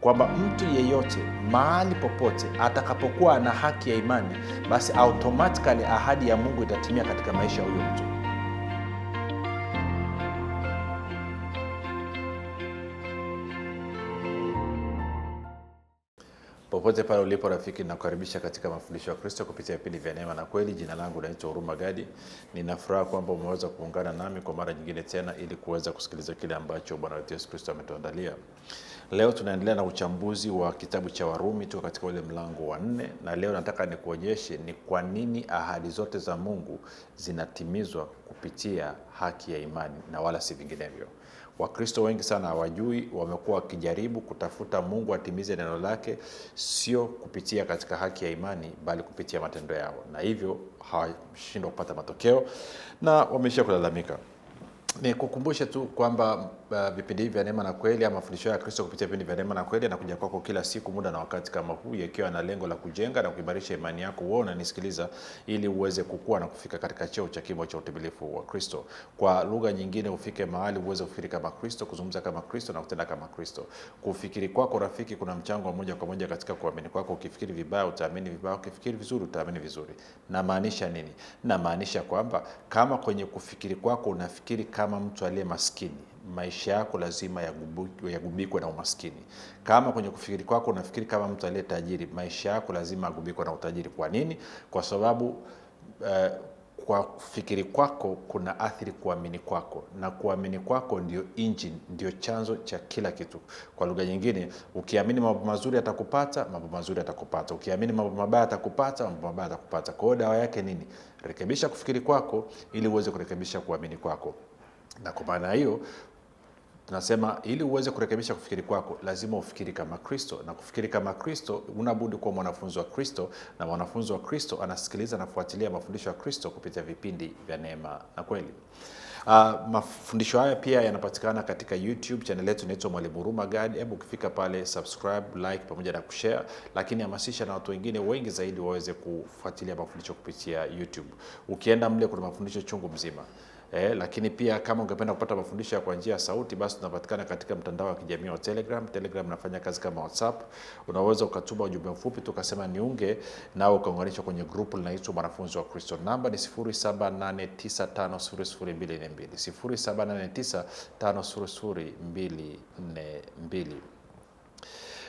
kwamba mtu yeyote mahali popote atakapokuwa ana haki ya imani, basi automatikali ahadi ya Mungu itatimia katika maisha ya huyo mtu. Popote pale ulipo rafiki, nakukaribisha katika mafundisho ya Kristo kupitia vipindi vya neema na kweli. Jina langu naitwa Huruma Gadi. ninafuraha kwamba umeweza kuungana nami kwa mara nyingine tena ili kuweza kusikiliza kile ambacho Bwana wetu Yesu Kristo ametuandalia. Leo tunaendelea na uchambuzi wa kitabu cha Warumi tuko katika ule mlango wa nne, na leo nataka nikuonyeshe ni kwa nini ahadi zote za Mungu zinatimizwa kupitia haki ya imani na wala si vinginevyo. Wakristo wengi sana hawajui, wamekuwa wakijaribu kutafuta Mungu atimize neno lake, sio kupitia katika haki ya imani, bali kupitia matendo yao, na hivyo hawashindwa kupata matokeo na wameishia kulalamika. Nikukumbushe tu kwamba Uh, vipindi hivi vya Neema na Kweli ama mafundisho ya Kristo kupitia vipindi vya Neema na Kweli anakuja kwako kila siku muda na wakati kama huu, yakiwa na lengo la kujenga na kuimarisha imani yako wewe unanisikiliza, ili uweze kukua na kufika katika cheo cha kimo cha utimilifu wa Kristo. Kwa lugha nyingine, ufike mahali uweze kufikiri kama Kristo, kuzungumza kama Kristo na kutenda kama Kristo. Kufikiri kwako, rafiki, kuna mchango wa moja kwa moja katika kuamini kwako. Ukifikiri vibaya utaamini vibaya, ukifikiri vizuri utaamini vizuri. Namaanisha nini? Namaanisha kwamba kama kwenye kufikiri kwako unafikiri kama mtu aliye maskini maisha yako lazima yagubikwe na umaskini. Kama kwenye kufikiri kwako unafikiri kama mtu aliye tajiri, maisha yako lazima yagubikwe na utajiri. Kwa nini? Kwa sababu uh, kwa kufikiri kwako kuna athiri kuamini kwako, na kuamini kwako ndio engine, ndio chanzo cha kila kitu. Kwa lugha nyingine, ukiamini mambo mazuri atakupata, mambo mazuri atakupata. Ukiamini mambo mabaya atakupata, mambo mabaya atakupata. Kwa hiyo dawa yake nini? Rekebisha kufikiri kwako ili uweze kurekebisha kuamini kwako na kwa maana hiyo tunasema ili uweze kurekebisha kufikiri kwako lazima ufikiri kama Kristo, na kufikiri kama Kristo unabudi kuwa mwanafunzi wa Kristo, na mwanafunzi wa Kristo anasikiliza na kufuatilia mafundisho ya Kristo kupitia vipindi vya Neema na Kweli. Uh, mafundisho haya pia yanapatikana katika YouTube chanel yetu inaitwa Mwalimu ruma Gadi. Hebu ukifika pale subscribe, like pamoja na kushare, lakini hamasisha na watu wengine wengi zaidi waweze kufuatilia mafundisho kupitia YouTube. Ukienda mle kuna mafundisho chungu mzima eh, lakini pia kama ungependa kupata mafundisho kwa njia ya sauti, basi tunapatikana katika mtandao wa kijamii wa Telegram. Telegram nafanya kazi kama WhatsApp, unaweza ukatuma ujumbe mfupi tukasema niunge nao, ukaunganishwa kwenye grupu linaloitwa wanafunzi wa Kristo. Namba ni 0789500242 0789500242.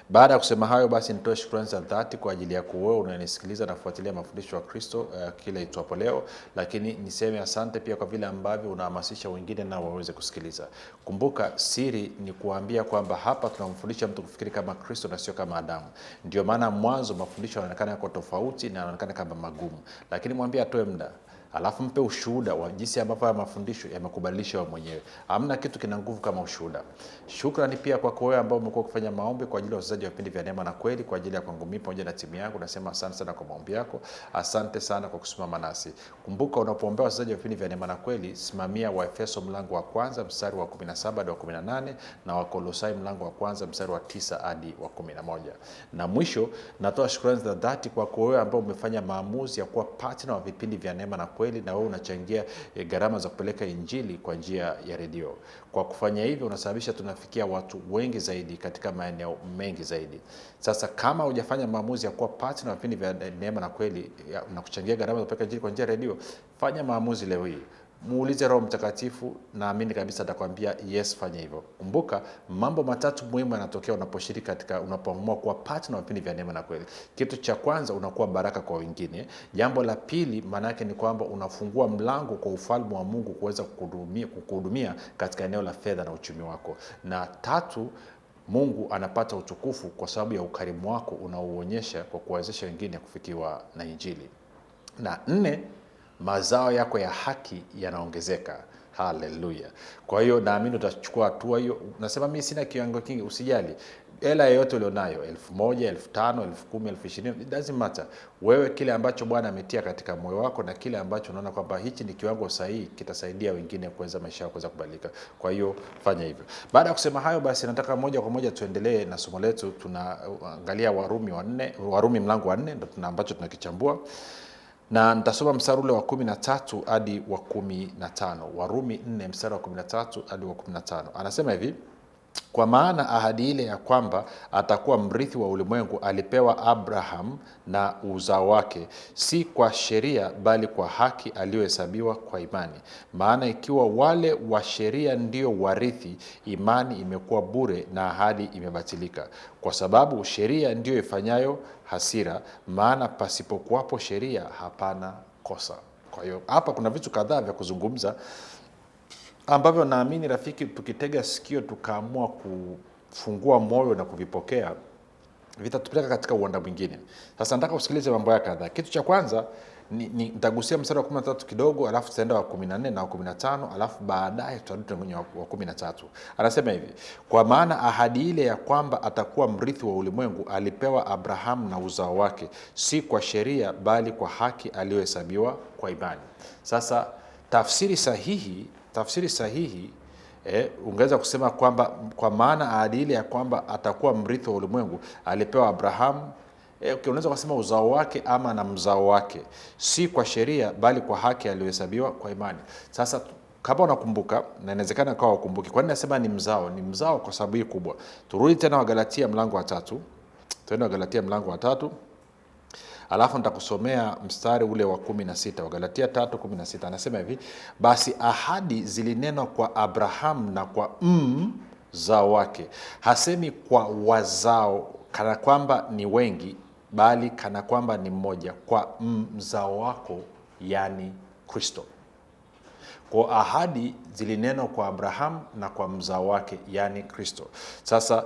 Baada ya kusema hayo, basi nitoe shukrani za dhati kwa ajili yako wewe unanisikiliza na kufuatilia mafundisho ya Kristo uh, kila itwapo leo, lakini niseme asante pia kwa vile ambavyo unahamasisha wengine nao waweze kusikiliza. Kumbuka siri ni kuambia kwamba hapa tunamfundisha mtu kufikiri kama Kristo na sio kama Adamu. Ndio maana mwanzo mafundisho yanaonekana yako tofauti na yanaonekana kama magumu, lakini mwambie atoe muda alafu mpe ushuhuda wa jinsi ambavyo haya mafundisho yamekubadilisha wewe mwenyewe. Hamna kitu kina nguvu kama ushuhuda. Shukrani pia kwako wewe ambao umekuwa ukifanya maombi kwa ajili ya wazazi wa vipindi vya Neema na Kweli, kwa ajili ya kwangu mimi pamoja na timu yangu. Nasema asante sana kwa maombi yako, asante sana kwa kusimama nasi. Kumbuka, unapoombea wazazi wa vipindi vya Neema na Kweli, simamia wa Efeso mlango wa kwanza mstari wa 17 hadi wa 18 na wa Kolosai mlango wa kwanza mstari wa 9 hadi wa 11. Na mwisho, natoa shukrani za dhati kwako wewe ambao umefanya maamuzi ya kuwa partner wa vipindi vya Neema na Kweli kweli, na wewe unachangia e, gharama za kupeleka injili kwa njia ya redio. Kwa kufanya hivyo, unasababisha tunafikia watu wengi zaidi katika maeneo mengi zaidi. Sasa kama hujafanya maamuzi ya kuwa partner wa vipindi vya neema na kweli na kuchangia gharama za kupeleka injili kwa njia ya redio, fanya maamuzi leo hii muulize Roho Mtakatifu, naamini kabisa atakwambia yes, fanya hivyo. Kumbuka mambo matatu muhimu yanatokea unaposhiriki katika, unapoamua kuwa partner wa vipindi vya neema na kweli. Kitu cha kwanza unakuwa baraka kwa wengine. Jambo la pili maana yake ni kwamba unafungua mlango kwa ufalme wa Mungu kuweza kukuhudumia katika eneo la fedha na uchumi wako, na tatu Mungu anapata utukufu kwa sababu ya ukarimu wako unaouonyesha kwa kuwawezesha wengine kufikiwa na Injili. Na nne mazao yako ya haki yanaongezeka. Haleluya! Kwa hiyo naamini utachukua hatua hiyo. Nasema mi sina kiwango kingi, usijali hela yeyote ulionayo, elfu moja, elfu tano, elfu kumi, elfu ishirini, doesn't matter. Wewe kile ambacho Bwana ametia katika moyo wako na kile ambacho unaona kwamba hichi ni kiwango sahihi, kitasaidia wengine kuweza maisha yao kuweza kubadilika. Kwa hiyo fanya hivyo. Baada ya kusema hayo, basi nataka moja kwa moja tuendelee na somo letu. Tunaangalia Warumi wanne, Warumi mlango wa nne ndo tuna ambacho tunakichambua na nitasoma mstari ule wa kumi na tatu hadi wa kumi na tano Warumi nne mstari wa kumi na tatu hadi wa kumi na tano anasema hivi kwa maana ahadi ile ya kwamba atakuwa mrithi wa ulimwengu alipewa Abraham na uzao wake, si kwa sheria, bali kwa haki aliyohesabiwa kwa imani. Maana ikiwa wale wa sheria ndio warithi, imani imekuwa bure na ahadi imebatilika, kwa sababu sheria ndiyo ifanyayo hasira, maana pasipokuwapo sheria hapana kosa. Kwa hiyo hapa kuna vitu kadhaa vya kuzungumza ambavyo naamini rafiki, tukitega sikio tukaamua kufungua moyo na kuvipokea vitatupeleka katika uwanda mwingine. Sasa nataka usikilize mambo ya kadhaa. Kitu cha kwanza nitagusia mstari wa kumi na tatu kidogo, alafu tutaenda wa kumi na nne na wa kumi na tano alafu baadaye tutarudi kwenye wa kumi na tatu. Anasema hivi: kwa maana ahadi ile ya kwamba atakuwa mrithi wa ulimwengu alipewa Abrahamu na uzao wake, si kwa sheria, bali kwa haki aliyohesabiwa kwa imani. Sasa tafsiri sahihi tafsiri sahihi eh, ungeweza kusema kwamba kwa maana ahadi ile ya kwamba atakuwa mrithi wa ulimwengu alipewa Abrahamu. Eh, okay, unaweza kusema uzao wake ama na mzao wake, si kwa sheria bali kwa haki aliyohesabiwa kwa imani. Sasa kama unakumbuka, na inawezekana kawa ukumbuki, kwa nini nasema ni mzao? Ni mzao kwa sababu hii kubwa. Turudi tena Wagalatia mlango wa tatu, tuende Wagalatia mlango wa tatu alafu nitakusomea mstari ule wa kumi na sita galatia tatu kumi na sita anasema hivi, basi ahadi zilinenwa kwa Abrahamu na kwa mzao wake, hasemi kwa wazao kana kwamba ni wengi, bali kana kwamba ni mmoja, kwa mzao wako, yani Kristo. Kwa ahadi zilinenwa kwa Abrahamu na kwa mzao wake, yani Kristo. Sasa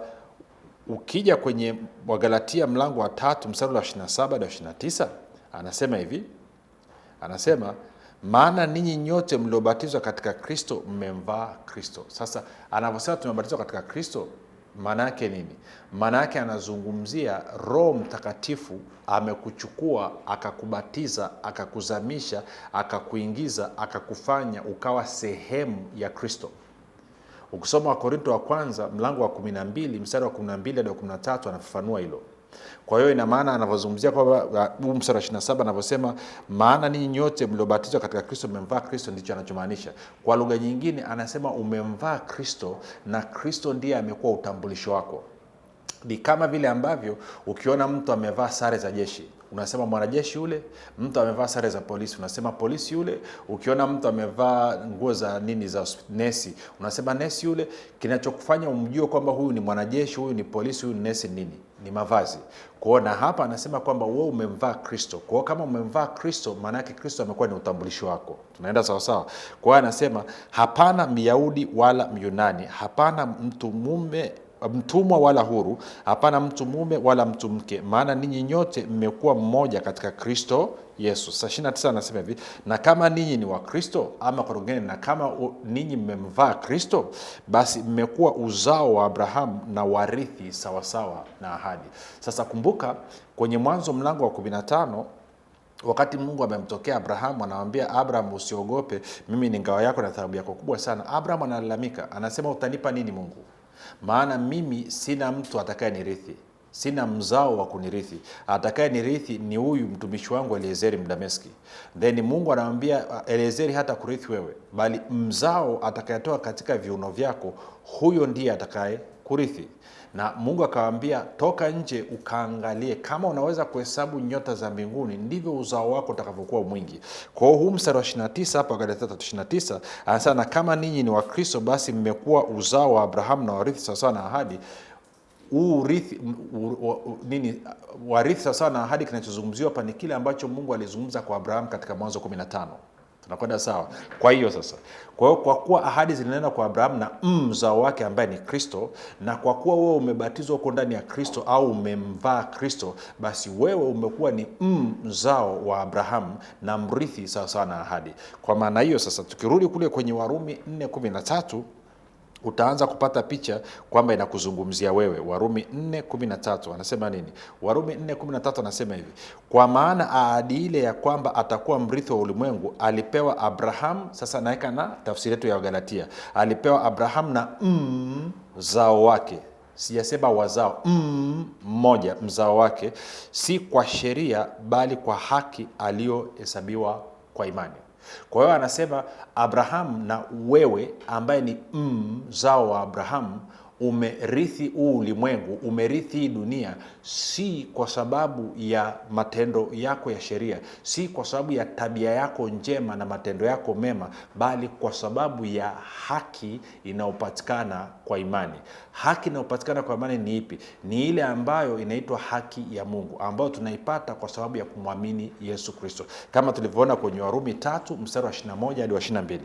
Ukija kwenye Wagalatia mlango wa tatu mstari wa 27 hadi 29, anasema hivi, anasema maana ninyi nyote mliobatizwa katika Kristo mmemvaa Kristo. Sasa anavyosema tumebatizwa katika Kristo, maana yake nini? Maana yake anazungumzia Roho Mtakatifu amekuchukua akakubatiza, akakuzamisha, akakuingiza, akakufanya ukawa sehemu ya Kristo. Ukisoma Wakorinto wa kwanza mlango wa 12 mstari wa 12 hadi 13 anafafanua hilo. Kwa hiyo ina maana anavyozungumzia kwamba uh, huu mstari wa 27 anavyosema, maana ninyi nyote mliobatizwa katika Kristo mmemvaa Kristo, ndicho anachomaanisha. Kwa lugha nyingine anasema umemvaa Kristo na Kristo ndiye amekuwa utambulisho wako. Ni kama vile ambavyo ukiona mtu amevaa sare za jeshi unasema mwanajeshi yule, mtu amevaa sare za polisi unasema polisi yule, ukiona mtu amevaa nguo za nini za nesi unasema nesi yule. Kinachokufanya umjue kwamba huyu ni mwanajeshi, huyu ni polisi, huyu ni nesi nini ni mavazi kwao. Na hapa anasema kwamba wewe umemvaa Kristo Kwa Kama umemvaa Kristo, maana yake Kristo amekuwa ni utambulisho wako. Tunaenda sawasawa. Kwa hiyo anasema hapana Myahudi wala Myunani, hapana mtu mume mtumwa wala huru, hapana mtu mume wala mtu mke, maana ninyi nyote mmekuwa mmoja katika Kristo Yesu. Saa 29 anasema hivi, na kama ninyi ni wa Kristo, ama kwa na kama ninyi mmemvaa Kristo, basi mmekuwa uzao wa Abrahamu na warithi sawasawa na ahadi. Sasa kumbuka kwenye Mwanzo mlango wa 15 wakati Mungu amemtokea Abrahamu anamwambia Abraham, usiogope, mimi ni ngao yako na thawabu yako kubwa sana. Abraham analalamika, anasema utanipa nini Mungu? maana mimi sina mtu atakaye nirithi, sina mzao wa kunirithi, atakaye nirithi ni huyu mtumishi wangu Eliezeri Mdameski. Then Mungu anamwambia Eliezeri hata kurithi wewe, bali mzao atakayetoa katika viuno vyako, huyo ndiye atakaye kurithi na Mungu akawaambia, toka nje ukaangalie kama unaweza kuhesabu nyota za mbinguni, ndivyo uzao wako utakavyokuwa mwingi. Kwa hiyo huu mstari wa 29 hapo Galatia 3:29 anasema, na kama ninyi ni Wakristo, basi mmekuwa uzao wa Abrahamu na warithi sawasawa na ahadi urithi nini, warithi sawasawa na ahadi. Kinachozungumziwa hapa ni kile ambacho Mungu alizungumza kwa Abrahamu katika Mwanzo 15 tunakwenda sawa. Kwa hiyo sasa, kwa hiyo kwa kuwa ahadi zilinena kwa Abrahamu na mm, mzao wake ambaye ni Kristo, na kwa kuwa wewe umebatizwa huko ndani ya Kristo au umemvaa Kristo, basi wewe umekuwa ni mm, mzao wa Abrahamu na mrithi sawasawa na ahadi. Kwa maana hiyo sasa, tukirudi kule kwenye Warumi 4:13 utaanza kupata picha kwamba inakuzungumzia wewe. Warumi 4:13 anasema nini? Warumi 4:13 anasema hivi, kwa maana ahadi ile ya kwamba atakuwa mrithi wa ulimwengu alipewa Abraham. Sasa naweka na tafsiri yetu ya Galatia, alipewa Abraham na mzao wake Sijasema wazao mmoja, mm, mzao wake, si kwa sheria bali kwa haki aliyohesabiwa kwa imani. Kwa hiyo anasema Abrahamu na wewe ambaye ni mzao mm, wa Abrahamu umerithi huu ulimwengu, umerithi hii dunia, si kwa sababu ya matendo yako ya sheria, si kwa sababu ya tabia yako njema na matendo yako mema, bali kwa sababu ya haki inayopatikana kwa imani. Haki inayopatikana kwa imani ni ipi? Ni ile ambayo inaitwa haki ya Mungu, ambayo tunaipata kwa sababu ya kumwamini Yesu Kristo, kama tulivyoona kwenye Warumi tatu mstari wa 21 hadi wa 22.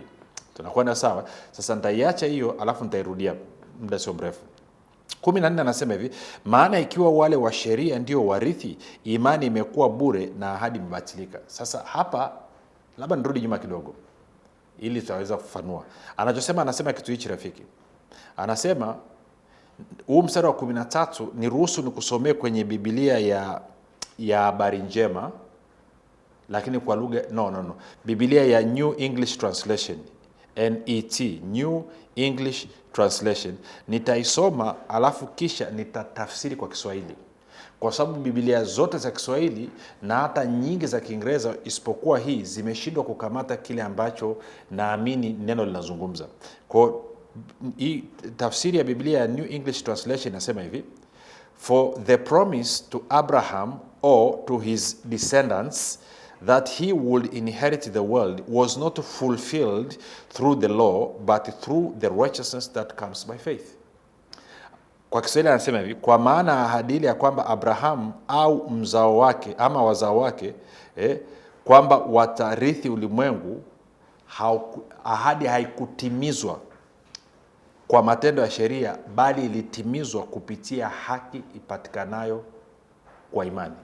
Tunakwenda sawa? Sasa nitaiacha hiyo, alafu nitairudia muda sio mrefu. Kumi na nne anasema hivi, maana ikiwa wale wa sheria ndio warithi, imani imekuwa bure na ahadi imebatilika. Sasa hapa labda nirudi nyuma kidogo ili tutaweza kufanua anachosema. Anasema kitu hichi rafiki, anasema huu mstari wa kumi na tatu ni kusomee kwenye Bibilia ya ya habari njema, lakini kwa lugha no, no, no, Bibilia ya New English Translation NET, New English Translation. Nitaisoma alafu kisha nitatafsiri kwa Kiswahili, kwa sababu Biblia zote za Kiswahili na hata nyingi za Kiingereza isipokuwa hii zimeshindwa kukamata kile ambacho naamini neno linazungumza. Kwa hii tafsiri ya Biblia ya New English Translation inasema hivi: For the promise to Abraham or to his descendants that he would inherit the world was not fulfilled through the law but through the righteousness that comes by faith. Kwa Kiswahili anasema hivi, kwa maana ahadi ya kwamba Abrahamu au mzao wake ama wazao wake eh, kwamba watarithi ulimwengu hauku, ahadi haikutimizwa kwa matendo ya sheria bali ilitimizwa kupitia haki ipatikanayo kwa imani.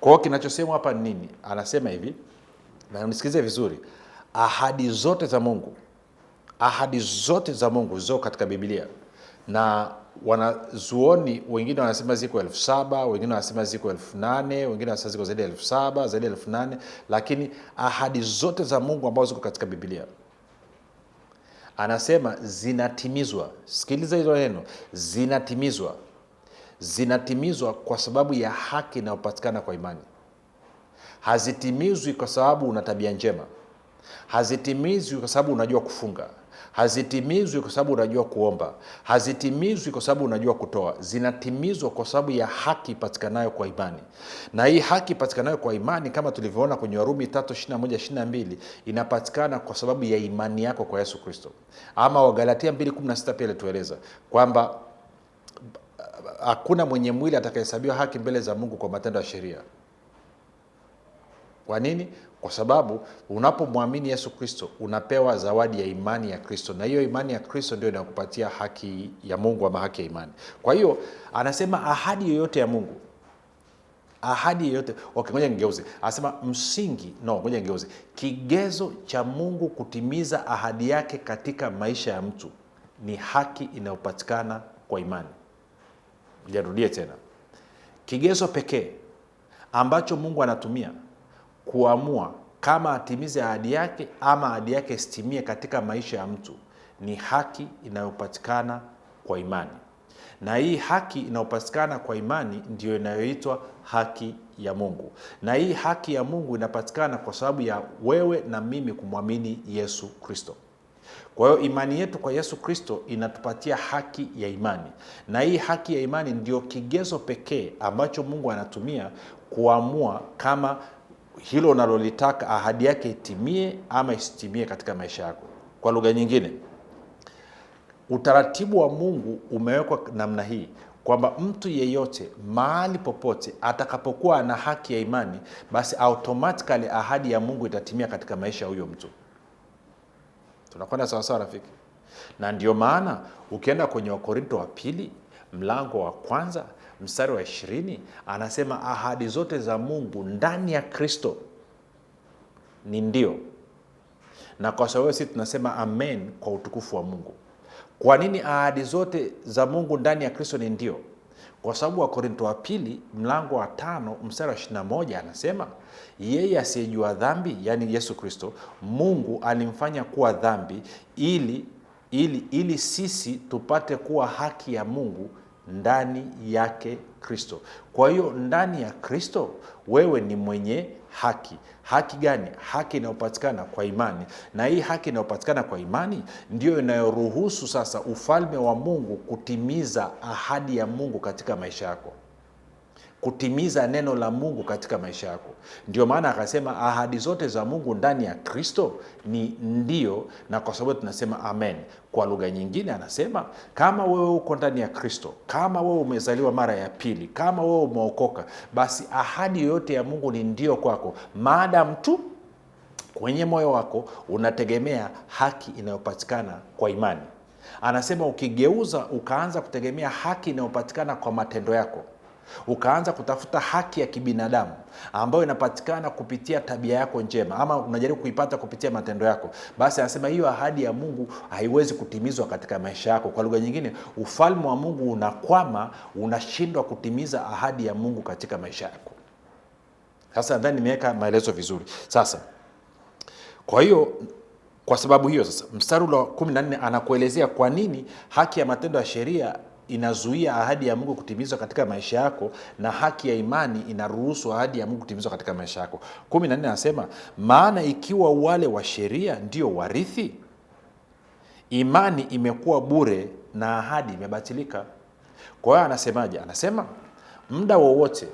Kwa hiyo kinachosemwa hapa ni nini? Anasema hivi, na unisikize vizuri, ahadi zote za Mungu, ahadi zote za Mungu ziko katika Biblia na wanazuoni wengine wanasema ziko elfu saba wengine wanasema ziko elfu nane wengine wanasema ziko zaidi ya elfu saba zaidi ya elfu nane lakini ahadi zote za Mungu ambazo ziko katika Biblia anasema zinatimizwa. Sikiliza hilo neno, zinatimizwa zinatimizwa kwa sababu ya haki inayopatikana kwa imani hazitimizwi kwa sababu una tabia njema hazitimizwi kwa sababu unajua kufunga hazitimizwi kwa sababu unajua kuomba hazitimizwi kwa sababu unajua kutoa zinatimizwa kwa sababu ya haki ipatikanayo kwa imani na hii haki ipatikanayo kwa imani kama tulivyoona kwenye warumi 322 inapatikana kwa sababu ya imani yako kwa yesu kristo ama wagalatia 216 pia ilitueleza kwamba hakuna mwenye mwili atakayehesabiwa haki mbele za Mungu kwa matendo ya sheria. Kwa nini? Kwa sababu unapomwamini Yesu Kristo unapewa zawadi ya imani ya Kristo, na hiyo imani ya Kristo ndio inakupatia haki ya Mungu ama haki ya imani. Kwa hiyo anasema ahadi yoyote ya Mungu, ahadi yoyote okay, ngoja ngeuze, Anasema msingi no, ngoja ngeuze, kigezo cha Mungu kutimiza ahadi yake katika maisha ya mtu ni haki inayopatikana kwa imani. Nirudie tena, kigezo pekee ambacho Mungu anatumia kuamua kama atimize ahadi yake ama ahadi yake isitimie katika maisha ya mtu ni haki inayopatikana kwa imani, na hii haki inayopatikana kwa imani ndiyo inayoitwa haki ya Mungu, na hii haki ya Mungu inapatikana kwa sababu ya wewe na mimi kumwamini Yesu Kristo. Kwa hiyo imani yetu kwa Yesu Kristo inatupatia haki ya imani, na hii haki ya imani ndio kigezo pekee ambacho Mungu anatumia kuamua kama hilo unalolitaka ahadi yake itimie ama isitimie katika maisha yako. Kwa lugha nyingine, utaratibu wa Mungu umewekwa namna hii kwamba mtu yeyote mahali popote atakapokuwa ana haki ya imani, basi automatically ahadi ya Mungu itatimia katika maisha ya huyo mtu tunakwenda sawasawa rafiki na ndio maana ukienda kwenye wakorinto wa pili mlango wa kwanza mstari wa ishirini anasema ahadi zote za mungu ndani ya kristo ni ndio na kwa sababu sisi tunasema amen kwa utukufu wa mungu kwa nini ahadi zote za mungu ndani ya kristo ni ndio kwa sababu wakorinto wa pili mlango wa tano mstari wa 21 anasema yeye asiyejua dhambi, yaani Yesu Kristo, Mungu alimfanya kuwa dhambi ili, ili, ili sisi tupate kuwa haki ya Mungu ndani yake Kristo. Kwa hiyo ndani ya Kristo wewe ni mwenye haki. Haki gani? Haki inayopatikana kwa imani, na hii haki inayopatikana kwa imani ndiyo inayoruhusu sasa ufalme wa Mungu kutimiza ahadi ya Mungu katika maisha yako kutimiza neno la Mungu katika maisha yako. Ndio maana akasema ahadi zote za Mungu ndani ya Kristo ni ndio, na kwa sababu tunasema amen. Kwa lugha nyingine, anasema kama wewe uko ndani ya Kristo, kama wewe umezaliwa mara ya pili, kama wewe umeokoka, basi ahadi yoyote ya Mungu ni ndio kwako, maadamu tu kwenye moyo wako unategemea haki inayopatikana kwa imani. Anasema ukigeuza ukaanza kutegemea haki inayopatikana kwa matendo yako ukaanza kutafuta haki ya kibinadamu ambayo inapatikana kupitia tabia yako njema, ama unajaribu kuipata kupitia matendo yako, basi anasema hiyo ahadi ya Mungu haiwezi kutimizwa katika maisha yako. Kwa lugha nyingine, ufalme wa Mungu unakwama, unashindwa kutimiza ahadi ya Mungu katika maisha yako. Sasa nadhani nimeweka maelezo vizuri. Sasa kwa hiyo kwa sababu hiyo sasa, mstari wa 14 na anakuelezea kwa nini haki ya matendo ya sheria inazuia ahadi ya Mungu kutimizwa katika maisha yako, na haki ya imani inaruhusu ahadi ya Mungu kutimizwa katika maisha yako. kumi na nne anasema maana ikiwa wale wa sheria ndio warithi, imani imekuwa bure na ahadi imebatilika. Kwa hiyo anasemaje? Anasema muda wowote,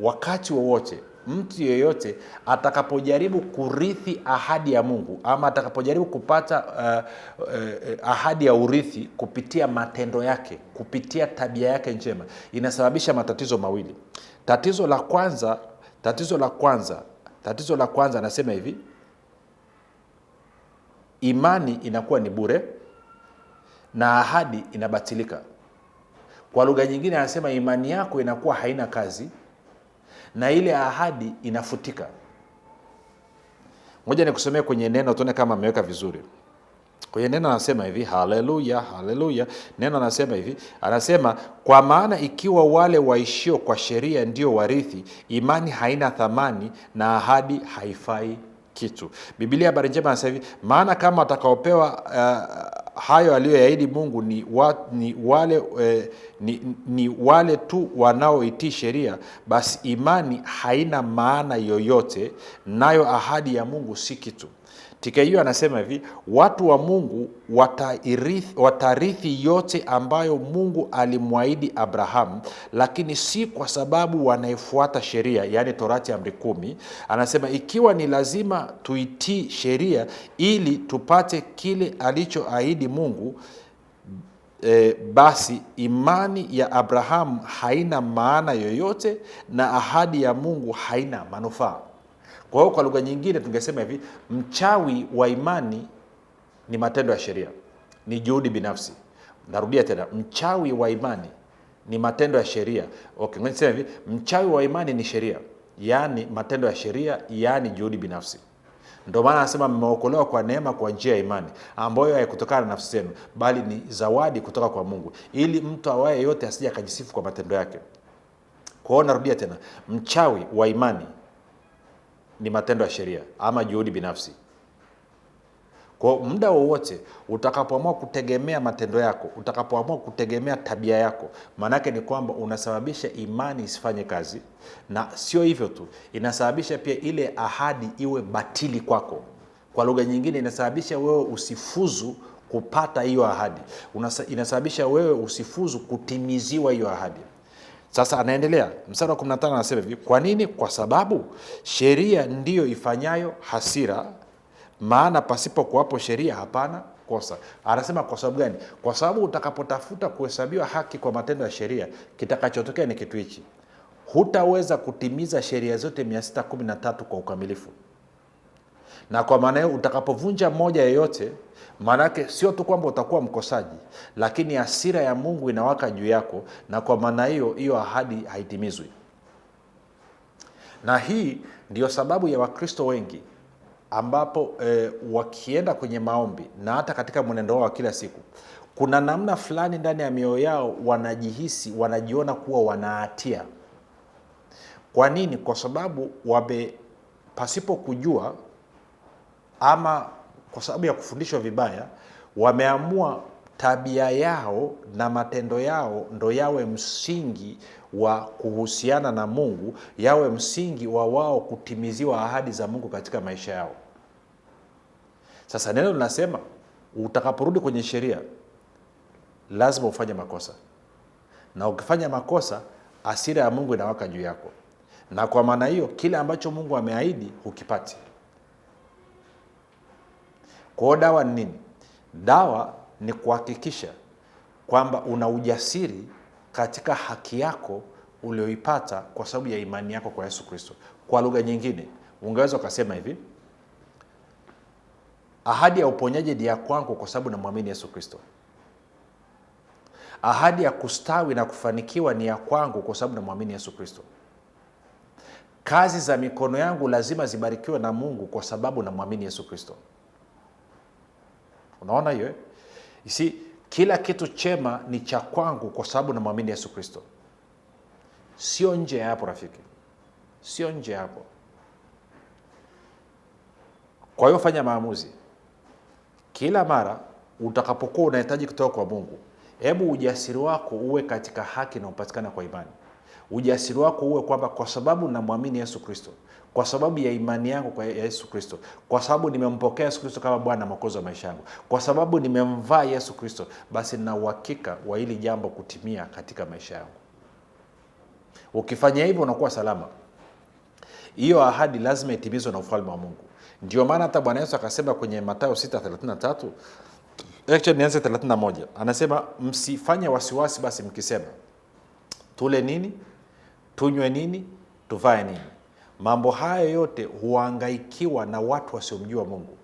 wakati wowote mtu yeyote atakapojaribu kurithi ahadi ya Mungu ama atakapojaribu kupata uh, uh, ahadi ya urithi kupitia matendo yake, kupitia tabia yake njema, inasababisha matatizo mawili. Tatizo la kwanza, tatizo la kwanza, tatizo la kwanza anasema hivi, imani inakuwa ni bure na ahadi inabatilika. Kwa lugha nyingine, anasema imani yako inakuwa haina kazi na ile ahadi inafutika. moja nikusomea kwenye neno, tuone kama ameweka vizuri kwenye neno. Anasema hivi, haleluya, haleluya. Neno anasema hivi, anasema kwa maana ikiwa wale waishio kwa sheria ndio warithi, imani haina thamani na ahadi haifai kitu. Biblia habari njema anasema hivi, maana kama watakaopewa uh, hayo aliyoyaahidi Mungu ni, wa, ni, wale, eh, ni, ni wale tu wanaoitii sheria, basi imani haina maana yoyote, nayo ahadi ya Mungu si kitu. Tika hiyo anasema hivi, watu wa Mungu watarithi yote ambayo Mungu alimwahidi Abrahamu, lakini si kwa sababu wanaifuata sheria, yaani torati amri kumi. Anasema ikiwa ni lazima tuitii sheria ili tupate kile alichoahidi Mungu, E, basi imani ya Abrahamu haina maana yoyote na ahadi ya Mungu haina manufaa. Kwa hiyo kwa lugha nyingine tungesema hivi, mchawi wa imani ni matendo ya sheria, ni juhudi binafsi. Narudia tena, mchawi wa imani ni matendo ya sheria. Okay, ngoja hivi, mchawi wa imani ni sheria, yaani matendo ya sheria, yaani juhudi binafsi. Ndio maana anasema mmeokolewa kwa neema kwa njia ya imani, ambayo haikutokana na nafsi zenu, bali ni zawadi kutoka kwa Mungu, ili mtu awaye yote asije akajisifu kwa matendo yake. Kwa hiyo narudia tena, mchawi wa imani ni matendo ya sheria ama juhudi binafsi. Kwa muda wowote utakapoamua kutegemea matendo yako, utakapoamua kutegemea tabia yako, maanake ni kwamba unasababisha imani isifanye kazi, na sio hivyo tu, inasababisha pia ile ahadi iwe batili kwako. Kwa lugha nyingine, inasababisha wewe usifuzu kupata hiyo ahadi, inasababisha wewe usifuzu kutimiziwa hiyo ahadi. Sasa anaendelea mstari wa 15 anasema hivi, kwa nini? Kwa sababu sheria ndiyo ifanyayo hasira, maana pasipo kuwapo sheria hapana kosa. Anasema kwa sababu gani? Kwa sababu utakapotafuta kuhesabiwa haki kwa matendo ya sheria, kitakachotokea ni kitu hichi, hutaweza kutimiza sheria zote 613 kwa ukamilifu na kwa maana hiyo utakapovunja moja yoyote, maanake sio tu kwamba utakuwa mkosaji, lakini asira ya Mungu inawaka juu yako, na kwa maana hiyo hiyo ahadi haitimizwi. Na hii ndiyo sababu ya Wakristo wengi ambapo e, wakienda kwenye maombi na hata katika mwenendo wao wa kila siku, kuna namna fulani ndani ya mioyo yao wanajihisi, wanajiona kuwa wanahatia. Kwa nini? Kwa sababu wame pasipo kujua ama kwa sababu ya kufundishwa vibaya, wameamua tabia yao na matendo yao ndo yawe msingi wa kuhusiana na Mungu, yawe msingi wa wao kutimiziwa ahadi za Mungu katika maisha yao. Sasa neno linasema utakaporudi kwenye sheria lazima ufanye makosa, na ukifanya makosa hasira ya Mungu inawaka juu yako, na kwa maana hiyo kile ambacho Mungu ameahidi hukipati. Kwa dawa ni nini? Dawa ni kuhakikisha kwamba una ujasiri katika haki yako ulioipata kwa sababu ya imani yako kwa Yesu Kristo. Kwa lugha nyingine, ungeweza ukasema hivi, ahadi ya uponyaji ni ya kwangu kwa sababu namwamini Yesu Kristo. Ahadi ya kustawi na kufanikiwa ni ya kwangu kwa sababu namwamini Yesu Kristo. Kazi za mikono yangu lazima zibarikiwe na Mungu kwa sababu namwamini Yesu Kristo. Unaona hiyo si kila kitu chema ni cha kwangu kwa sababu namwamini Yesu Kristo, sio nje ya hapo rafiki, sio nje ya hapo. Kwa hiyo fanya maamuzi kila mara utakapokuwa unahitaji kutoka kwa Mungu, hebu ujasiri wako uwe katika haki na upatikana kwa imani. Ujasiri wako uwe kwamba kwa sababu namwamini Yesu Kristo kwa sababu ya imani yangu kwa Yesu Kristo, kwa sababu nimempokea Yesu Kristo kama Bwana Mwokozi wa maisha yangu, kwa sababu nimemvaa Yesu Kristo, basi na uhakika wa hili jambo kutimia katika maisha yangu. Ukifanya hivyo unakuwa salama. Hiyo ahadi lazima itimizwe na ufalme wa Mungu. Ndio maana hata Bwana Yesu akasema kwenye Mathayo 6:33 actually nianze 31, anasema msifanye wasiwasi basi mkisema, tule nini, tunywe nini, tuvae nini Mambo hayo yote huangaikiwa na watu wasiomjua Mungu.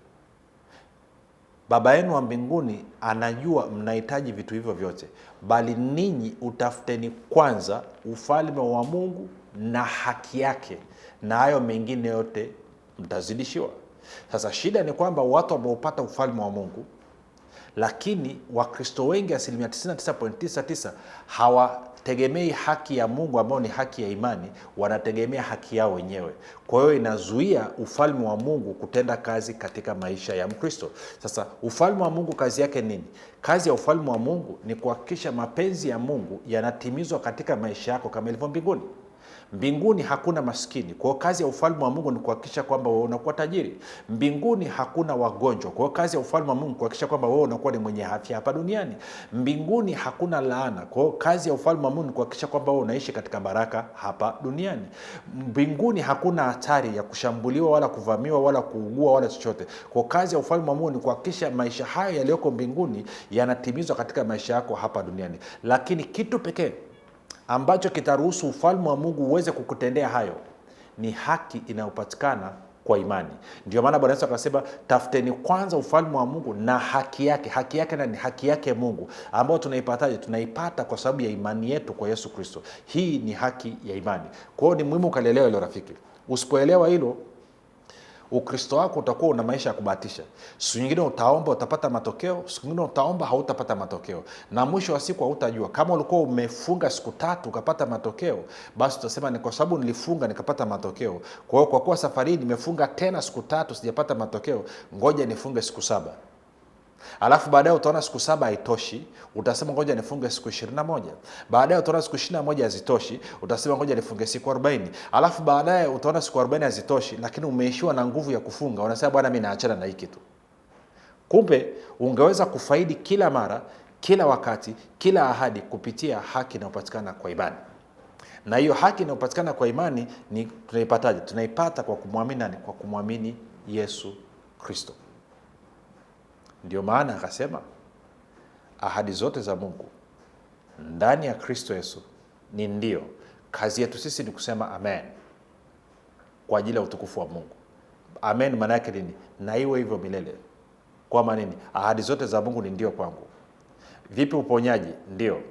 Baba yenu wa mbinguni anajua mnahitaji vitu hivyo vyote, bali ninyi utafuteni kwanza ufalme wa Mungu na haki yake, na hayo mengine yote mtazidishiwa. Sasa shida ni kwamba watu wanaopata ufalme wa Mungu lakini Wakristo wengi asilimia 99.99 hawategemei haki ya Mungu ambayo ni haki ya imani, wanategemea haki yao wenyewe. Kwa hiyo inazuia ufalme wa Mungu kutenda kazi katika maisha ya Mkristo. Sasa ufalme wa Mungu kazi yake nini? Kazi ya ufalme wa Mungu ni kuhakikisha mapenzi ya Mungu yanatimizwa katika maisha yako kama ilivyo mbinguni. Mbinguni hakuna maskini, kwa kazi ya ufalme wa Mungu ni kuhakikisha kwamba wewe unakuwa tajiri. Mbinguni hakuna wagonjwa, kwa kazi ya ufalme wa Mungu kuhakikisha kwamba wewe unakuwa ni mwenye afya hapa duniani. Mbinguni hakuna laana, kwa kazi ya ufalme wa Mungu ni kuhakikisha kwamba wewe unaishi katika baraka hapa duniani. Mbinguni hakuna hatari ya kushambuliwa wala kuvamiwa wala kuugua wala chochote, kwa kazi ya ufalme wa Mungu ni kuhakikisha maisha hayo yaliyoko mbinguni yanatimizwa katika maisha yako hapa duniani, lakini kitu pekee ambacho kitaruhusu ufalme wa Mungu uweze kukutendea hayo ni haki inayopatikana kwa imani. Ndio maana Bwana Yesu akasema, tafuteni kwanza ufalme wa Mungu na haki yake. Haki yake na ni Haki yake Mungu, ambayo tunaipataje? Tunaipata kwa sababu ya imani yetu kwa Yesu Kristo. Hii ni haki ya imani. Kwa hiyo ni muhimu ukalielewa hilo rafiki. Usipoelewa hilo Ukristo wako utakuwa una maisha ya kubahatisha. Siku nyingine utaomba utapata matokeo, siku nyingine utaomba hautapata matokeo, na mwisho wa siku hautajua. Kama ulikuwa umefunga siku tatu ukapata matokeo, basi utasema ni kwa sababu nilifunga nikapata matokeo. Kwa hiyo kwa kuwa safari hii nimefunga tena siku tatu sijapata matokeo, ngoja nifunge siku saba alafu baadaye utaona siku saba haitoshi, utasema ngoja nifunge siku ishirini na moja. Baadaye utaona siku ishirini na moja hazitoshi, utasema ngoja nifunge siku arobaini. Alafu baadaye utaona siku arobaini hazitoshi, lakini umeishiwa na nguvu ya kufunga, unasema bwana, mi naachana na hii kitu. Kumbe ungeweza kufaidi kila mara, kila wakati, kila ahadi kupitia haki inayopatikana kwa imani na hiyo haki inayopatikana kwa imani ni tunaipataje? Tunaipata kwa kumwamini nani? Kwa kumwamini Yesu Kristo. Ndio maana akasema ahadi zote za Mungu ndani ya Kristo Yesu ni ndio. Kazi yetu sisi ni kusema amen kwa ajili ya utukufu wa Mungu. Amen maana yake nini? Na iwe hivyo milele. kwa nini? Ahadi zote za Mungu ni ndio kwangu. Vipi uponyaji? Ndio.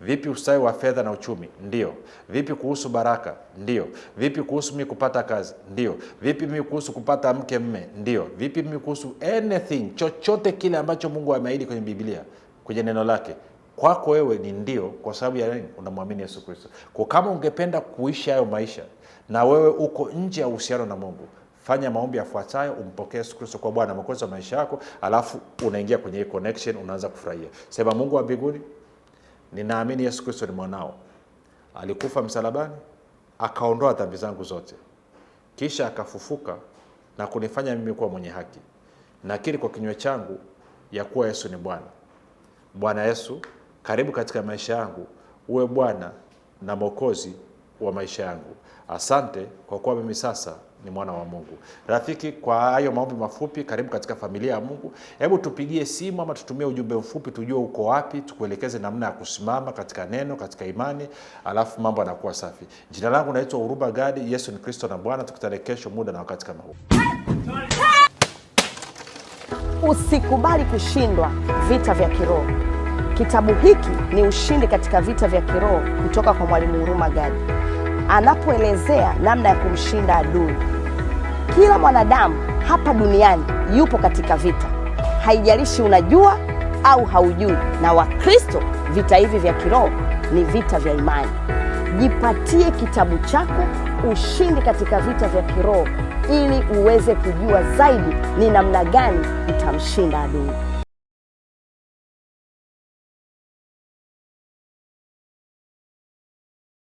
Vipi ustawi wa fedha na uchumi? Ndio. Vipi kuhusu baraka? Ndio. Vipi kuhusu mi kupata kazi? Ndio. Vipi mi kuhusu kupata mke mme? Ndio. Vipi mi kuhusu anything, chochote kile ambacho Mungu ameahidi kwenye Biblia, kwenye neno lake kwako wewe ni ndio, kwa sababu ya nini? Unamwamini Yesu Kristo. Kwa kama ungependa kuishi hayo maisha na wewe uko nje ya uhusiano na Mungu, fanya maombi yafuatayo, umpokee Yesu Kristo kwa Bwana Mwokozi wa maisha yako, alafu unaingia kwenye hii connection, unaanza kufurahia. Sema, Mungu wa mbinguni ninaamini Yesu Kristo ni mwanao, alikufa msalabani akaondoa dhambi zangu zote, kisha akafufuka na kunifanya mimi kuwa mwenye haki. Nakiri kwa kinywa changu ya kuwa Yesu ni Bwana. Bwana Yesu, karibu katika maisha yangu, uwe Bwana na Mwokozi wa maisha yangu. Asante kwa kuwa mimi sasa ni mwana wa Mungu. Rafiki, kwa hayo maombi mafupi, karibu katika familia ya Mungu. Hebu tupigie simu ama tutumie ujumbe mfupi, tujue uko wapi, tukuelekeze namna ya kusimama katika neno, katika imani, alafu mambo yanakuwa safi. Jina langu naitwa Huruma Gadi. Yesu ni Kristo na Bwana. Tukutane kesho muda na wakati kama huu. Usikubali kushindwa vita vya kiroho. Kitabu hiki ni ushindi katika vita vya kiroho kutoka kwa Mwalimu Huruma Gadi anapoelezea namna ya kumshinda adui. Kila mwanadamu hapa duniani yupo katika vita, haijalishi unajua au haujui. Na Wakristo, vita hivi vya kiroho ni vita vya imani. Jipatie kitabu chako Ushindi katika Vita vya Kiroho ili uweze kujua zaidi ni namna gani utamshinda adui.